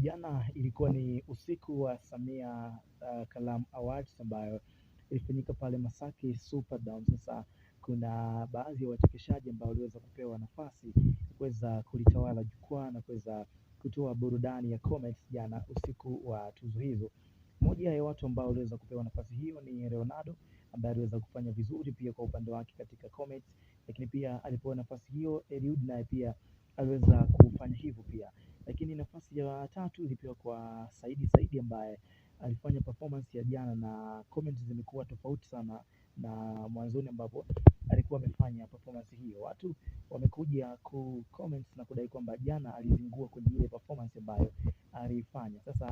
Jana ilikuwa ni usiku wa Samia uh, Kalam Awards ambayo ilifanyika pale Masaki Superdome. Sasa kuna baadhi ya wachekeshaji ambao waliweza kupewa nafasi kuweza kulitawala jukwaa na kuweza kutoa burudani ya comics jana usiku wa tuzo hizo. Moja ya watu ambao waliweza kupewa nafasi hiyo ni Leonardo ambaye aliweza kufanya vizuri pia kwa upande wake katika comics, lakini pia alipewa nafasi hiyo Eliud naye pia aliweza kufanya hivyo pia. Lakini nafasi ya tatu ilipewa kwa Saidi Saidi ambaye alifanya performance ya jana, na comments zimekuwa tofauti sana na mwanzoni ambapo alikuwa amefanya performance hiyo. Watu wamekuja ku comments na kudai kwamba jana alizingua kwenye ile performance ambayo alifanya. Sasa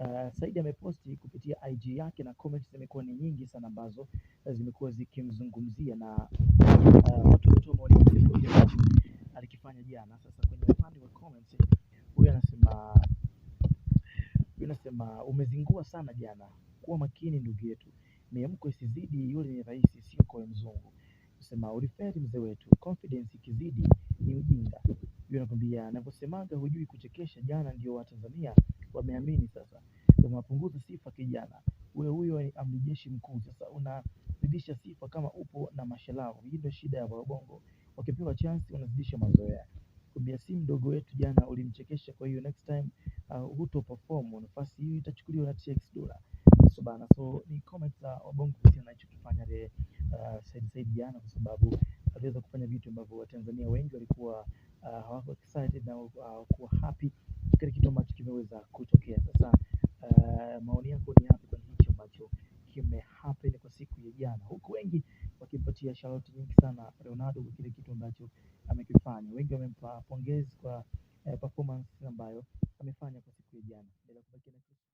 uh, Saidi ameposti kupitia IG yake na comments zimekuwa ni nyingi sana ambazo zimekuwa zikimzungumzia na uh, watu wametoa maoni alikifanya jana. Sasa kwenye upande wa comments Huyu anasema huyu anasema umezingua sana jana, kuwa makini ndugu yetu, miamko isizidi yule ni rais, sio kwa mzungu. Anasema uliferi mzee wetu, confidence ikizidi ni ujinga. Huyu anakwambia navyosemaga hujui kuchekesha. Jana ndio Watanzania wameamini sasa, unapunguza sifa kijana wewe, huyo amri jeshi mkuu, sasa unazidisha sifa kama upo na mashalao. Hii ndio shida ya Bongo, wakipewa chansi wanazidisha mazoea kwambia si mdogo wetu jana ulimchekesha, kwa hiyo next time uh, huto perform nafasi hiyo itachukuliwa na TX Dula. So bana, so ni comment za wabongo kuhusiana anachokifanya ile uh, Said Said jana, kwa sababu aliweza kufanya vitu ambavyo Watanzania wengi walikuwa uh, hawako excited na hawakuwa uh, happy kile kitu ambacho kimeweza kutokea. Sasa uh, maoni yako ni yapi kwa hicho ambacho happen kwa siku ya jana, huku wengi shout nyingi sana Leonardo kwa kile kitu ambacho amekifanya. Wengi wamempa pongezi kwa eh, performance ambayo amefanya kwa siku ya jana.